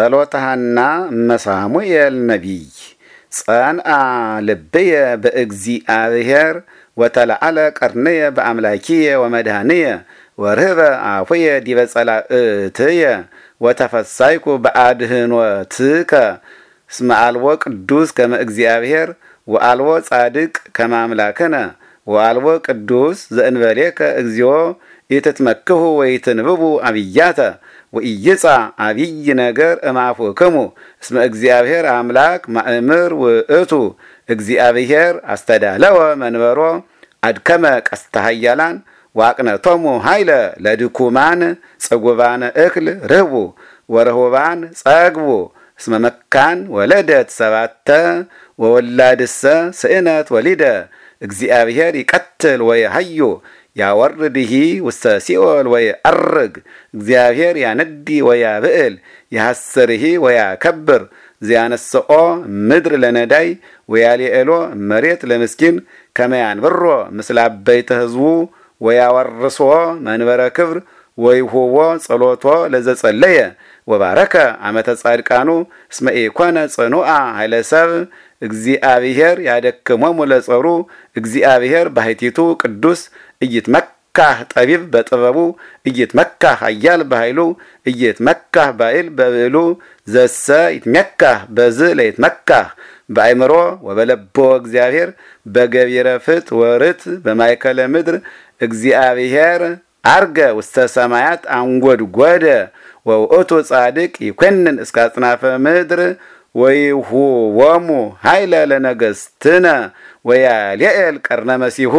ጸሎተ ሐና እመ ነቢይ ጸንአ ልብየ በእግዚአብሔር ወተለዓለ ቀርንየ በአምላኪየ ወመድኃንየ ወርህበ አፉየ ዲበ ጸላእትየ ወተፈሳይኩ በአድህኖትከ እስመ አልቦ ቅዱስ ከመ እግዚአብሔር ወአልቦ ጻድቅ ከመ አምላክነ ወአልቦ ቅዱስ ዘእንበሌከ እግዚኦ ኢትትመክሁ ወይትንብቡ አብያተ ወኢይጻ አብይ ነገር እማፉክሙ እስመ እግዚአብሔር አምላክ ማእምር ውእቱ እግዚአብሔር አስተዳለወ መንበሮ አድከመ ቀስተ ኃያላን ዋቅነቶሙ ኃይለ ለድኩማን ጽጉባነ እክል ርህቡ ወረህባን ጸግቡ እስመ መካን ወለደት ሰባተ ወወላድሰ ስእነት ወሊደ እግዚአብሔር ይቀትል ወይ ወይሃዩ ያወርድህ ውስተ ሲኦል ወየዐርግ እግዚአብሔር ያነዲ ወያብዕል የሐስርሂ ወያከብር ዚያነስኦ ምድር ለነዳይ ወያልኤሎ መሬት ለምስኪን ከመያንብሮ ምስለ አበይተ ሕዝቡ ወያወርሶ መንበረ ክብር ወይሁቦ ጸሎቶ ለዘጸለየ ወባረከ አመተ ጻድቃኑ እስመ ኢኮነ ጽኑአ ኃይለ ሰብ እግዚአብሔር ያደክሞሙ ለጸሩ እግዚአብሔር ባህቲቱ ቅዱስ ኢይትመካህ ጠቢብ በጥበቡ ኢይትመካህ ኃያል በኃይሉ ኢይትመካህ ባዕል በብዕሉ ዘሰ ይትመካህ በዝ ለይትመካህ በአይምሮ ወበለቦ እግዚአብሔር በገቢረ ፍት ወርት በማይከለ ምድር እግዚአብሔር አርገ ውስተ ሰማያት አንጎድጎደ ወውእቱ ጻድቅ ይኮንን እስከ አጽናፈ ምድር ወሙ ኃይለ ለነገስትነ ወያልየኤል ቀርነ መሲሁ